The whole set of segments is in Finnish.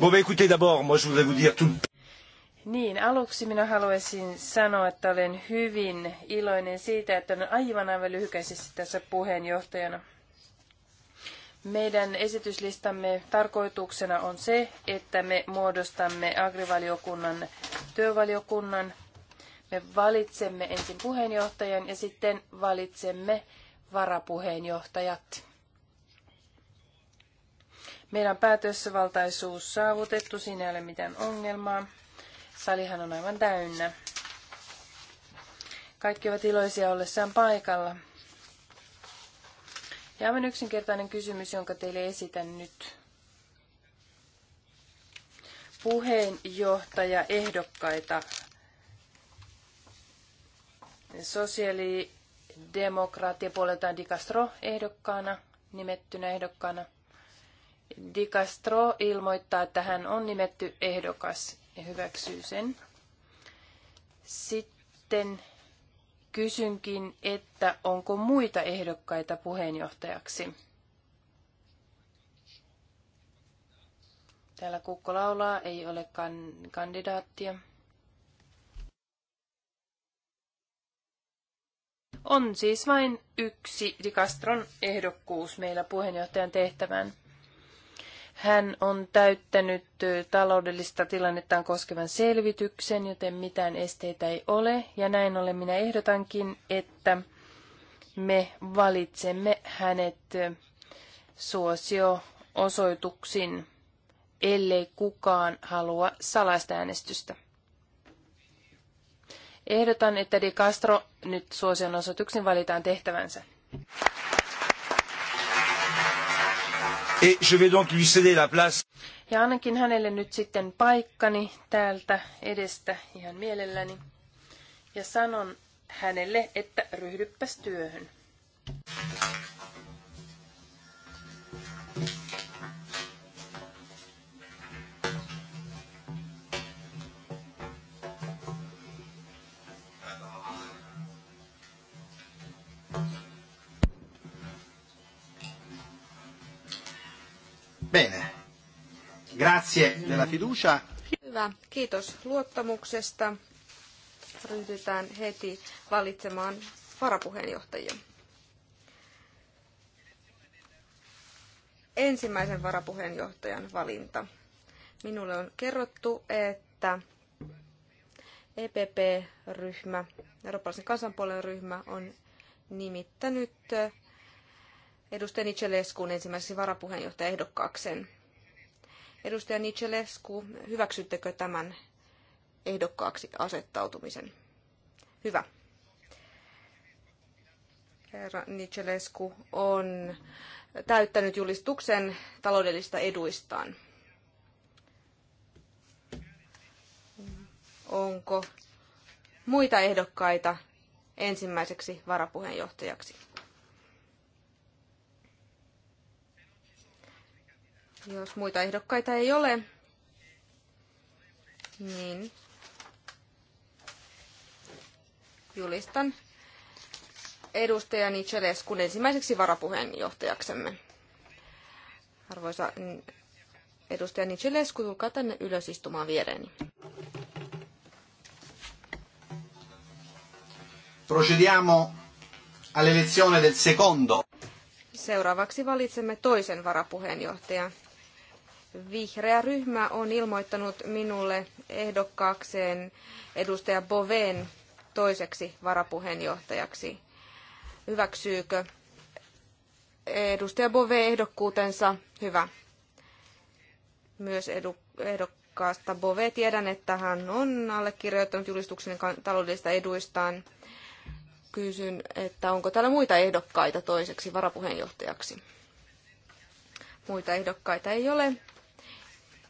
Bon, bah, écoutez, d'abord, moi, je voudrais vous dire tout. Niin, aluksi minä haluaisin sanoa, että olen hyvin iloinen siitä, että olen aivan aivan lyhykäisesti tässä puheenjohtajana. Meidän esityslistamme tarkoituksena on se, että me muodostamme agrivaliokunnan työvaliokunnan. Me valitsemme ensin puheenjohtajan ja sitten valitsemme varapuheenjohtajat. Meillä on päätösvaltaisuus saavutettu, siinä ei ole mitään ongelmaa. Salihan on aivan täynnä. Kaikki ovat iloisia ollessaan paikalla. Ja aivan yksinkertainen kysymys, jonka teille esitän nyt. Puheenjohtaja ehdokkaita sosiaalidemokraattia puoleltaan Di Castro ehdokkaana, nimettynä ehdokkaana – Di Castro ilmoittaa, että hän on nimetty ehdokas ja hyväksyy sen. Sitten kysynkin, että onko muita ehdokkaita puheenjohtajaksi. Täällä kukko laulaa, ei ole kan- kandidaattia. On siis vain yksi Dikastron ehdokkuus meillä puheenjohtajan tehtävään. Hän on täyttänyt taloudellista tilannettaan koskevan selvityksen, joten mitään esteitä ei ole. Ja näin ollen minä ehdotankin, että me valitsemme hänet suosio-osoituksin, ellei kukaan halua salaista äänestystä. Ehdotan, että Di Castro nyt suosion osoituksen valitaan tehtävänsä. Et je vais donc lui céder la place. Ja annankin hänelle nyt sitten paikkani täältä edestä ihan mielelläni. Ja sanon hänelle, että ryhdyppäs työhön. Thank you. Bene. Grazie della fiducia. Hyvä. Kiitos luottamuksesta. Ryhdytään heti valitsemaan varapuheenjohtajia. Ensimmäisen varapuheenjohtajan valinta. Minulle on kerrottu, että EPP-ryhmä, Euroopan kansanpuolen ryhmä, on nimittänyt edustaja Niceleskuun ensimmäiseksi varapuheenjohtajaehdokkaakseen. Edustaja Nicelesku, hyväksyttekö tämän ehdokkaaksi asettautumisen? Hyvä. Herra Nicelesku on täyttänyt julistuksen taloudellista eduistaan. Onko muita ehdokkaita ensimmäiseksi varapuheenjohtajaksi? Jos muita ehdokkaita ei ole, niin julistan edustaja Nicheleskun ensimmäiseksi varapuheenjohtajaksemme. Arvoisa edustaja Nicelescu, tulkaa tänne ylös istumaan viereeni. Procediamo all'elezione del secondo. Seuraavaksi valitsemme toisen varapuheenjohtajan. Vihreä ryhmä on ilmoittanut minulle ehdokkaakseen edustaja Boven toiseksi varapuheenjohtajaksi. Hyväksyykö edustaja Bove ehdokkuutensa? Hyvä. Myös edu, ehdokkaasta Bove tiedän, että hän on allekirjoittanut julistuksen taloudellisista eduistaan. Kysyn, että onko täällä muita ehdokkaita toiseksi varapuheenjohtajaksi? Muita ehdokkaita ei ole.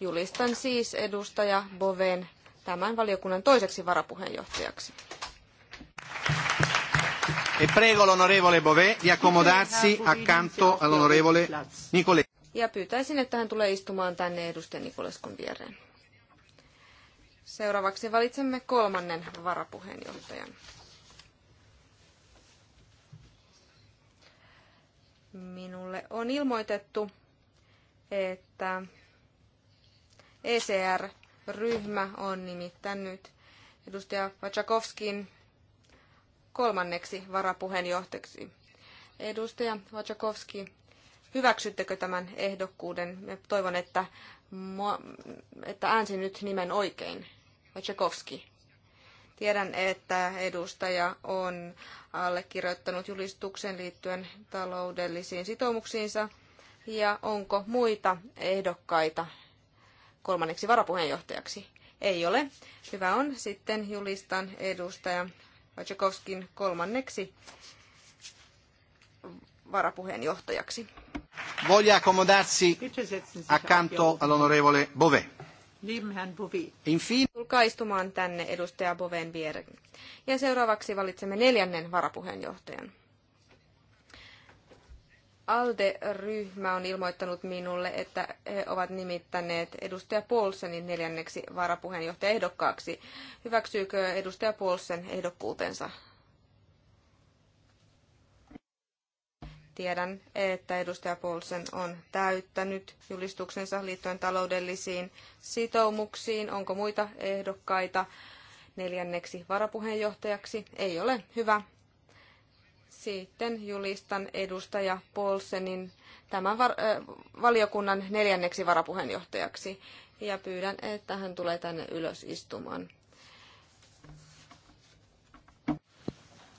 Julistan siis edustaja Boven tämän valiokunnan toiseksi varapuheenjohtajaksi. E prego l'onorevole Bové di accomodarsi accanto all'onorevole Nicolè. Ja pyytäisin, että hän tulee istumaan tänne edustaja Nikoleskon viereen. Seuraavaksi valitsemme kolmannen varapuheenjohtajan. Minulle on ilmoitettu, että ECR-ryhmä on nimittänyt edustaja Vachakovskin kolmanneksi varapuheenjohtajaksi. Edustaja Vachakovski, hyväksyttekö tämän ehdokkuuden? toivon, että, että äänsin nyt nimen oikein. Vachakovski. Tiedän, että edustaja on allekirjoittanut julistuksen liittyen taloudellisiin sitoumuksiinsa. Ja onko muita ehdokkaita kolmanneksi varapuheenjohtajaksi? Ei ole. Hyvä on. Sitten julistan edustaja Wojciechowskin kolmanneksi varapuheenjohtajaksi. Voglia accomodarsi accanto all'onorevole Bove. Infine... Tulkaa istumaan tänne edustaja Boven viereen. Ja seuraavaksi valitsemme neljännen varapuheenjohtajan. ALDE-ryhmä on ilmoittanut minulle, että he ovat nimittäneet edustaja Paulsenin neljänneksi varapuheenjohtaja ehdokkaaksi. Hyväksyykö edustaja Paulsen ehdokkuutensa? Tiedän, että edustaja Paulsen on täyttänyt julistuksensa liittyen taloudellisiin sitoumuksiin. Onko muita ehdokkaita neljänneksi varapuheenjohtajaksi? Ei ole. Hyvä. Sitten julistan edustaja Polsenin tämän valiokunnan neljänneksi varapuheenjohtajaksi ja pyydän, että hän tulee tänne ylös istumaan.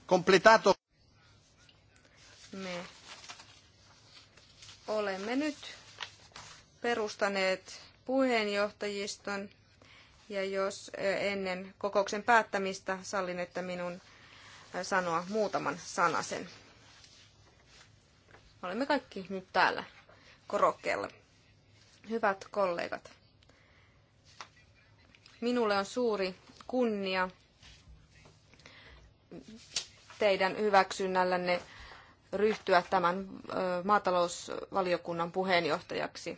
Completato. Me olemme nyt perustaneet puheenjohtajiston ja jos ennen kokouksen päättämistä sallin, että minun sanoa muutaman sanasen. Olemme kaikki nyt täällä korokkeella. Hyvät kollegat, minulle on suuri kunnia teidän hyväksynnällänne ryhtyä tämän maatalousvaliokunnan puheenjohtajaksi.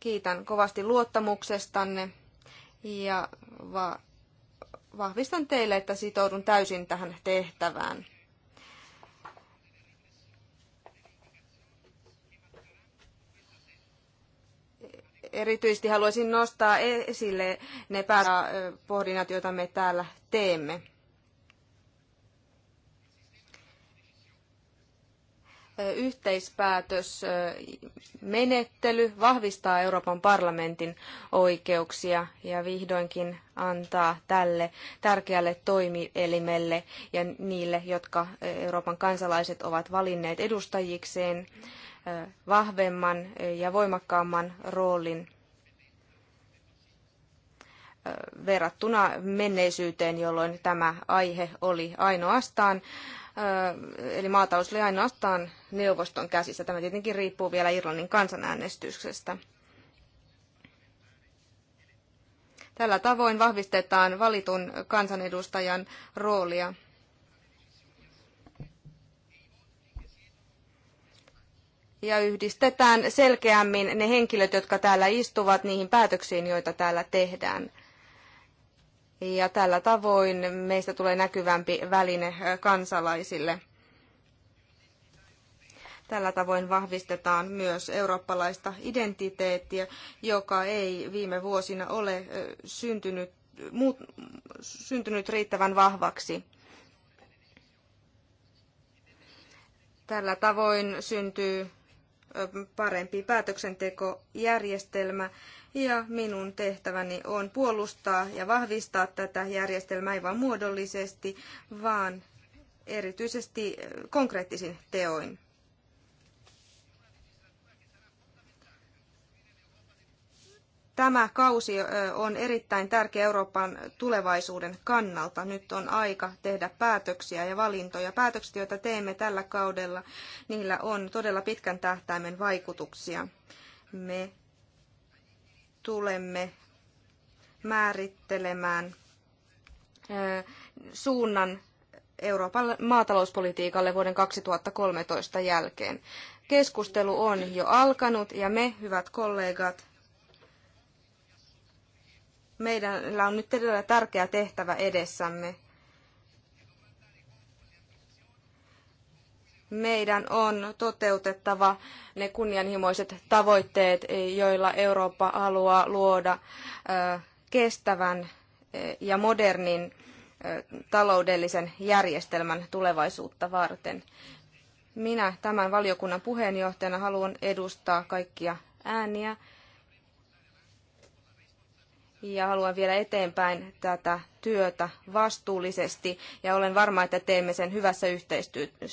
Kiitän kovasti luottamuksestanne ja va- vahvistan teille, että sitoudun täysin tähän tehtävään. Erityisesti haluaisin nostaa esille ne pääpohdinnat, joita me täällä teemme. yhteispäätösmenettely vahvistaa Euroopan parlamentin oikeuksia ja vihdoinkin antaa tälle tärkeälle toimielimelle ja niille, jotka Euroopan kansalaiset ovat valinneet edustajikseen vahvemman ja voimakkaamman roolin verrattuna menneisyyteen, jolloin tämä aihe oli ainoastaan, eli maatalous oli ainoastaan neuvoston käsissä. Tämä tietenkin riippuu vielä Irlannin kansanäänestyksestä. Tällä tavoin vahvistetaan valitun kansanedustajan roolia. ja yhdistetään selkeämmin ne henkilöt, jotka täällä istuvat, niihin päätöksiin, joita täällä tehdään ja tällä tavoin meistä tulee näkyvämpi väline kansalaisille. Tällä tavoin vahvistetaan myös eurooppalaista identiteettiä, joka ei viime vuosina ole syntynyt, muut, syntynyt riittävän vahvaksi. Tällä tavoin syntyy parempi päätöksentekojärjestelmä ja minun tehtäväni on puolustaa ja vahvistaa tätä järjestelmää ei vain muodollisesti, vaan erityisesti konkreettisin teoin. Tämä kausi on erittäin tärkeä Euroopan tulevaisuuden kannalta. Nyt on aika tehdä päätöksiä ja valintoja. Päätökset, joita teemme tällä kaudella, niillä on todella pitkän tähtäimen vaikutuksia. Me tulemme määrittelemään suunnan Euroopan maatalouspolitiikalle vuoden 2013 jälkeen. Keskustelu on jo alkanut ja me, hyvät kollegat, Meillä on nyt todella tärkeä tehtävä edessämme. meidän on toteutettava ne kunnianhimoiset tavoitteet, joilla Eurooppa haluaa luoda kestävän ja modernin taloudellisen järjestelmän tulevaisuutta varten. Minä tämän valiokunnan puheenjohtajana haluan edustaa kaikkia ääniä ja haluan vielä eteenpäin tätä työtä vastuullisesti ja olen varma, että teemme sen hyvässä yhteistyössä.